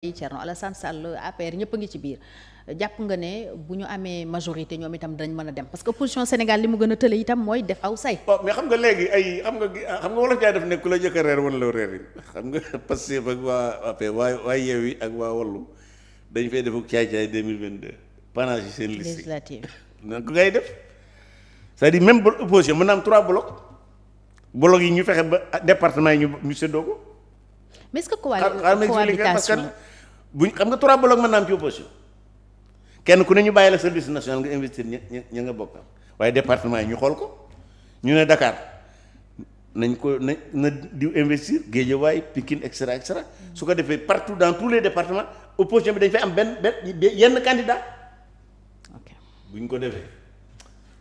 Thierno Alassane Sall APR ñëpp a ngi ci biir jàpp nga ne bu ñu amee majorité ñoom itam dinañ mën a dem parce que opposition Sénégal li mu gën a tële itam mooy def aw say. waaw mais xam nga léegi ay xam nga xam nga wala jaay def nekk ku la njëkk a reer wala la reer yi xam nga Pastef ak waa APR waa waa Yewwi ak waa Wallu dañ fay def ak caay-caay 2022 panache yi seen liste législative nan ngay def cest à même ba opposition mën na am trois blocs blocs yi ñu fexe ba ah, département ñu ñu séddoo buñ xam nga trois blocs mën naa am ci opposition kenn ku ne ñu bàyyi la service national nga investir ñu ña nga bokkam waaye département yi ñu xool ko ñu ne dakaar nañ ko na na diw investir Guédiawaye Pikine et cetera et cetera su ko defee partout dans tous les départements opposition bi dañ fay am benn benn yenn candidat ok buñ ko defee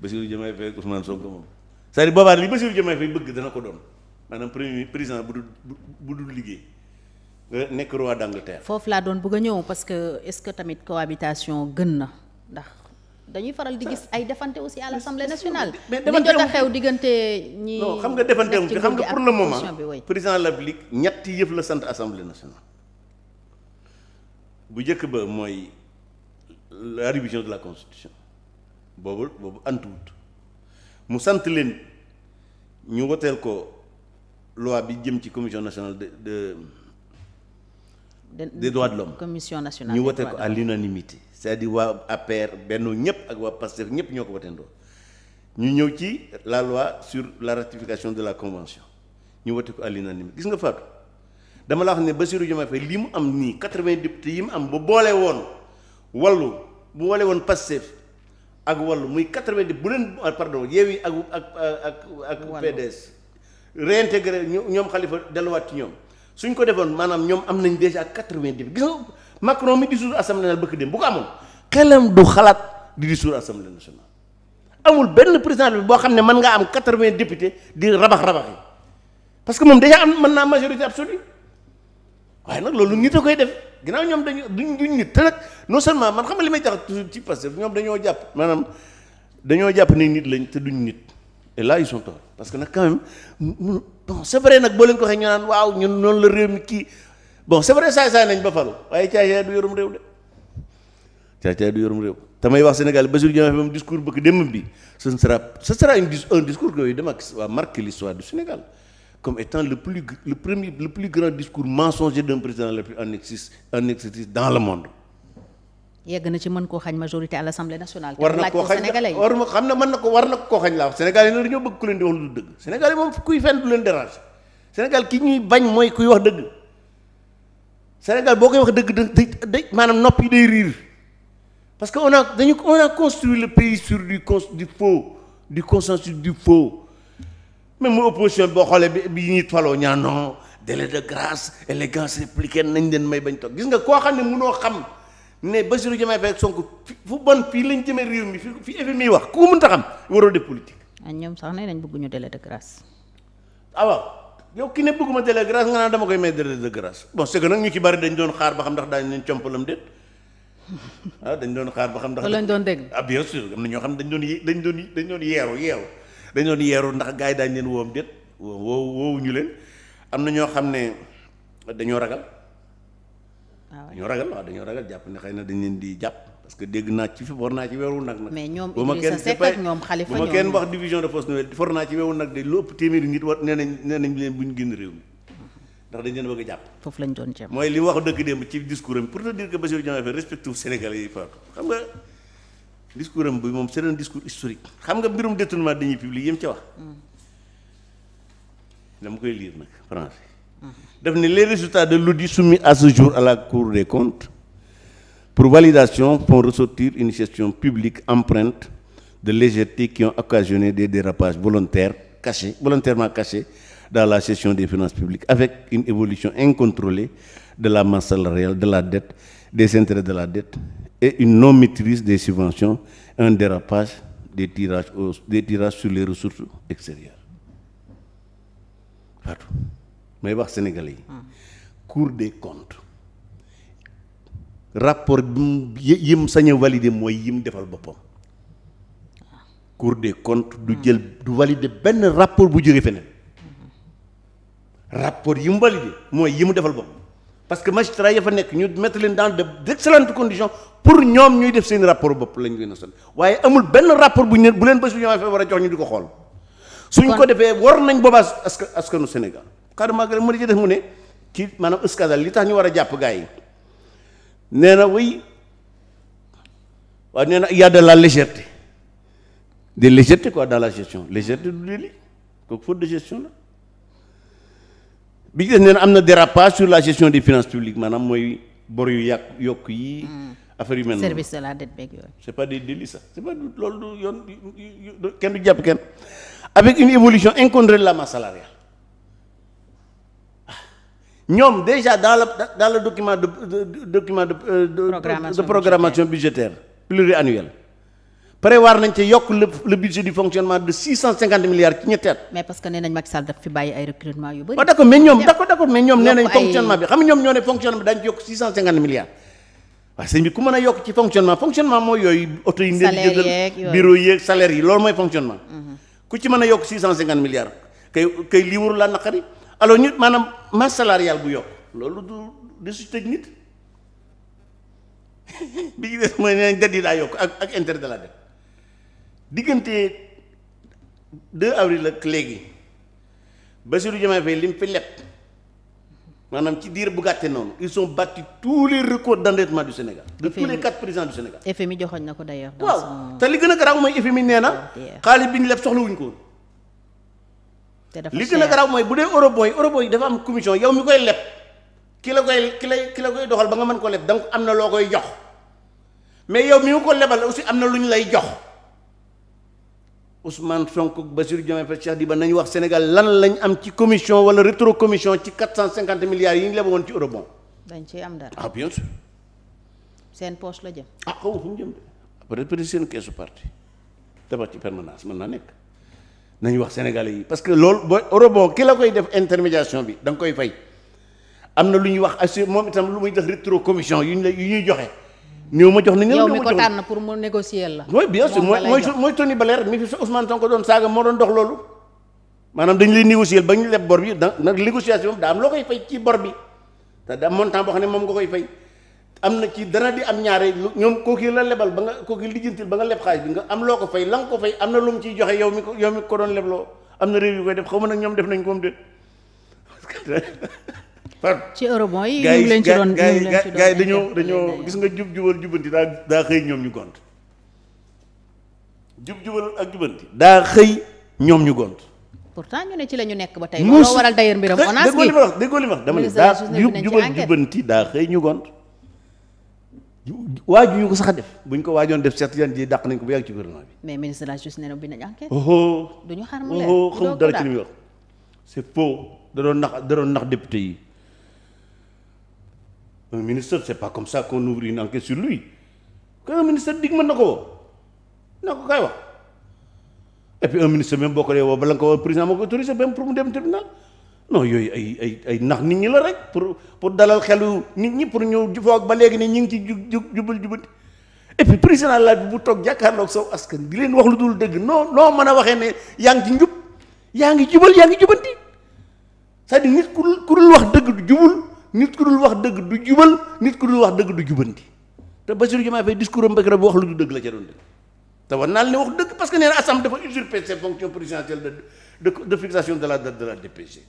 Bassirou Diomaye Faye Ousmane Sonko moom c'est-à-dire boobaa li Bassirou Diomaye Faye bëgg dana ko doon maanaam premier président bu dul bu dul liggéey nga euh, nekk roi d'Angleterre. foofu laa doon bëgg a ñëw parce que est-ce que tamit cohabitation gën na ndax. dañuy faral di gis ay defante aussi à l'Assemblée nationale. mais defante li jot a xew diggante ñi. xam nga defante xam nga pour le moment président de la République ñetti yëf la sant Assemblée nationale. bu njëkk ba mooy la révision de la constitution boobu boobu antuwut mu sant leen ñu woteel ko loi bi jëm ci commission nationale de de. des droits de l'homme commission nationale ñu wote ko à l'unanimité c'est-à-dire waa APR Benno ñëpp ak waa Pastef ñëpp ñoo ko wotendoo ñu ñëw ci la loi sur la ratification de la convention ñu wote ko à l'unanimité gis nga Fatou dama la wax ne Bassirou Diomaye Faye li mu am nii quatre-vingts députés yi mu am bu boolee woon wallu bu boolee woon Pastef ak wallu muy quatre-vingts bu leen ah, pardon Yewwi ak ak ak ak PDS réintégré ñoom xalifa delluwaat ci ñoom suñ ko defoon maanaam ñoom am nañ déjà quatre-vingt-dix gis nga Macron mi dissoudre assemblée nationale bëkk dem bu ko amoon du xalaat di dissoudre assemblée nationale amul benn président bi boo xam ne mën ngaa am quatre-vingts députés di rabax rabax yi parce que moom déjà am mën naa majorité absolue waaye nag loolu nit a koy def ginnaaw ñoom dañu duñ duñ nit te nag non seulement man xam nga li may tax toujours ci Pastef ñoom dañoo jàpp maanaam dañoo jàpp ne nit lañ te duñ nit et là ils sont que nag bon c'est vrai nag boo leen ko waxee naan waaw ñun noonu la réew mi kii bon c'est vrai saay saay nañ ba falu waaye caay-caay du yorum réew de caay du yorum réew tamay wax Sénégal Bassirou Diomaye moom discours bëgg démb bi ce sera ce sera une un discours que dama gis waa marqué l'histoire du Sénégal comme étant le plus le premier le plus grand discours mensonger d'un président le plus en exercice dans le monde yegg na ci mën koo xañ majorité à l'Assemblée nationale. war na koo xañ war na ko war na koo xañ laa Sénégal yi nag bëgg ku leen di wax lu dëgg Sénégal yi moom kuy fenn du leen dérange Sénégal ki ñuy bañ mooy kuy wax dëgg Sénégal boo koy wax dëgg day maanaam nopp yi day riir parce que on dañu on a le pays sur du con du faux du consensus du faux même boo xoolee bi bi ñuy faloo ñaa non délai de grâce élégance républicaine nañ leen may bañ toog gis nga koo xam ne mënoo xam. ne Bassirou Diomaye Faye ak Sonko fu bon fii lañ jëmee réew mi fi fi FMI wax ku mënta xam waroo def politique. ak ah, ñoom sax ne nañ de grâce. ah waaw ki ne bëgguma délai de grâce nga naan koy may délai de grâce bon c'est que ñu ci bari dañ doon xaar ba xam ndax daañu leen compalam déet ah dañ doon xaar ba xam ndax. lañ doon dégg ah bien sûr am na ñoo xam dañ doon yé dañ doon dañ doon yeeru yeeru dañ doon yeeru ndax gars yi daañu leen woom déet woo woowu ñu leen am na ñoo xam ne dañoo ragal dañoo ah ragal waaw dañoo ragal jàpp ne xëy na dañ leen di jàpp parce que dégg naa ci fi for naa ci weeru nag nag mais ñoom Idrissa Seck ak ñoom Khalifa bu ma kenn wax division de force nouvelle for naa ci weeru nag de lu ëpp téeméeri nit war nee nañ leen bu ñu génn réew mi ndax dañ leen bëgg jàpp foofu lañ doon jàpp mooy li mu wax dëgg démb ci discours am pour te dire que Bassirou Diomaye Faye respecte Sénégalais yi faatu xam nga discours am bi moom c'est un discours historique xam nga mbirum détournement mm. dama koy lire nag français daf ne les résultats de l'audit soumis à ce jour à la Cour des comptes pour validation font ressortir une gestion publique empreinte de légèreté qui ont occasionné des dérapages volontaires cachés, volontairement cachés dans la gestion des finances publiques avec une évolution incontrôlée de la masse salariale, de la dette, des intérêts de la dette et une non-maîtrise des subventions, un dérapage des tirages, des tirages sur les ressources extérieures. may wax sénégalais yi. cour des comptes rapport bi mu yim sañ a valider mooy yim defal boppam. cour de comptes du hmm. jël du valider benn rapport bu jógee feneen. rapport yi mu validé mooy yi mu defal bopp parce que magistrat ya fa nekk ñu mettre leen dans d' excellentes conditions pour ñoom ñuy def seen rapport bopp lañ leen a sonn waaye amul benn rapport bu ñu bu leen bés bu ñu war a jox ñu di ko xool. suñ ko defee war nañ boobaa askan askanu Sénégal. xaaral maa gën a def mu ne ci maanaam iskazal li tax ñu war a jàpp gaa yi nee na wuy waaye nee na y de la légèreté de légèreté la gestion légèreté du délit kooku faute de gestion la bi ci des nee am na dérapage sur la gestion des finances publiques maanaam mooy bor yu yàq yokk yi. Hmm. affaire yu mel noonu service de la dette beeg yooyu. c'est pas des délits sax c'est pas loolu du yoon kenn du jàpp kenn avec une évolution incontrôlée de la masse ñoom déjà dans le dans le document de document de euh, de programmation budgétaire pluriannuelle prévoir nañ ci yokk le le budget du fonctionnement de six cent cinquante milliards ci ñetti at. mais parce que nee nañ Macky Sall fi bàyyi ay recrutement yu fonctionnement bi xam cent cinquante milliards. waaw sëñ bi ku mën a yokk ci fonctionnement fonctionnement mooy yooyu. oto yi ngeen di jëndal bureau yeeg salaire loolu mooy fonctionnement. Mhm. ku ci mën a yokk six cent alors ñu maanaam masse salariale bu yokk loolu du du su tëj nit bi ñu des mooy nee nañ daa yokk ak ak intérêt de diggante 2 avril ak léegi Bassirou Diomaye Faye li mu fi leb maanaam ci diir bu gàtte noonu ils sont battus tous les records du Sénégal. de tous les quatre du Sénégal. FMI joxoon na ko d'ailleurs. waaw te li mooy FMI nee na. xaalis bi ñu leb soxlawuñ wuñ ko. te dafa li gën a garaaw mooy bu dee eurobond yi eurobond yi dafa am commission yow mi koy leb ki la koy ki la koy doxal ba nga mën ko leb donc am na loo koy jox mais yow mi nga ko lebal aussi am na lu ñu lay jox Ousmane Sonko Bassirou Diomaye Faye Cheikh Diba nañu wax Sénégal lan lañ am ci commission wala rétro commission ci 450 milliards yi ñu leboon ci eurobond. dañ ciy am dara ah bien sûr. seen poche la jëm. ah xaw ma fu mu jëm de peut seen keesu parti tabax ci permanence mën naa nekk. nañu wax sénégalais yi parce que loolu ba robot ki la koy def intermédiation bi da nga koy fay am na lu ñuy wax assur moom itam lu muy def rétro commission yu ñu la ñuy joxe. ñëw ma jox na yow mi ko pour mu négocier la. mooy bien sûr mooy mooy Tony Blair mi fi sa Ousmane Sonko doon saaga moo doon dox loolu. maanaam dañu lay négocier ba ñu leb bor bi da nag négociation daa am loo koy fay ci bor bi te daa montant boo xam ne moom nga koy fay. am na ci dana di am ñaare ñoom kooku la lebal ba nga kooku lijjantil ba nga leb xaalis bi nga am loo ko fay la ko fay am na lu mu joxe yow mi ko yow mi ko doon lebloo am na réew yu koy def xaw ma nag ñoom def nañ ko am déet. ci yi ñu leen ci doon ñu yi dañoo dañoo gis nga jub jubal jubanti daa daa xëy ñoom ñu gont. jub ak jubanti. daa xëy ñoom ñu gont. pourtant ñu la ñu nekk ba tey. muus loo waral dama ne daa jub daa xëy ñu gont waajuñu ko sax def buñ ko waajoon def Cheikh Tidiane Dièye dàq nañ ko bu yàgg ci gouvernement bi. mais ministre de la justice nee na bind enquête. Oh, oh. duñu xar mu oh, leer xamul dara ci li muy wax. c'est yi un ministre c'est pas comme ça qu'on ouvre une enquête sur lui un mën na ko woo na ko kay wax et puis un ministre même boo ko dee woo bala nga ko woo président moo ko autorisé même pour mu dem tribunal. non yooyu ay ay ay nax nit ñi la rek pour pour dalal xelu nit ñi pour ñëw foog ba léegi ne ñu ngi ci jub jub jubal jubal et puis président laaj bu toog jàkkaarloog saw askan di leen wax lu dul dëgg non noo mën a waxee ne yaa ngi ci njub yaa ngi jubal yaa ngi jubanti c'est-à-dire nit ku ku dul wax dëgg du jubul nit ku dul wax dëgg du jubal nit ku dul wax dëgg du jubanti te Bassirou Diomaye Faye discours am bëgg bu wax lu dul dëgg la ca doon dëgg te war naa ne wax dëgg parce que nee na assemblée dafa usurper ses fonctions présidentielles de de fixation de la date de la DPG.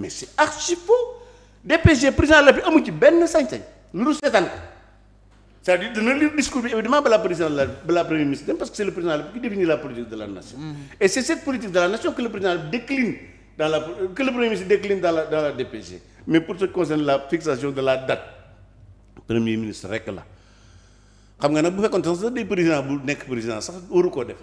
mais c'est archi faux DPG président la bi amu ci benn sañ-sañ lu dul seetaan ko c'est-à-dire dana lire discours bi évidemment balaa président la balaa premier ministre dem parce que c'est le président la bi qui définit la politique de la nation. Mm-hmm. et c'est cette politique de la nation que le président la décline dans la dans la DPG. mais pour ce qui concerne la fixation de la date premier ministre rek la xam nga nag bu fekkoon sax sax nekk sax waru koo def.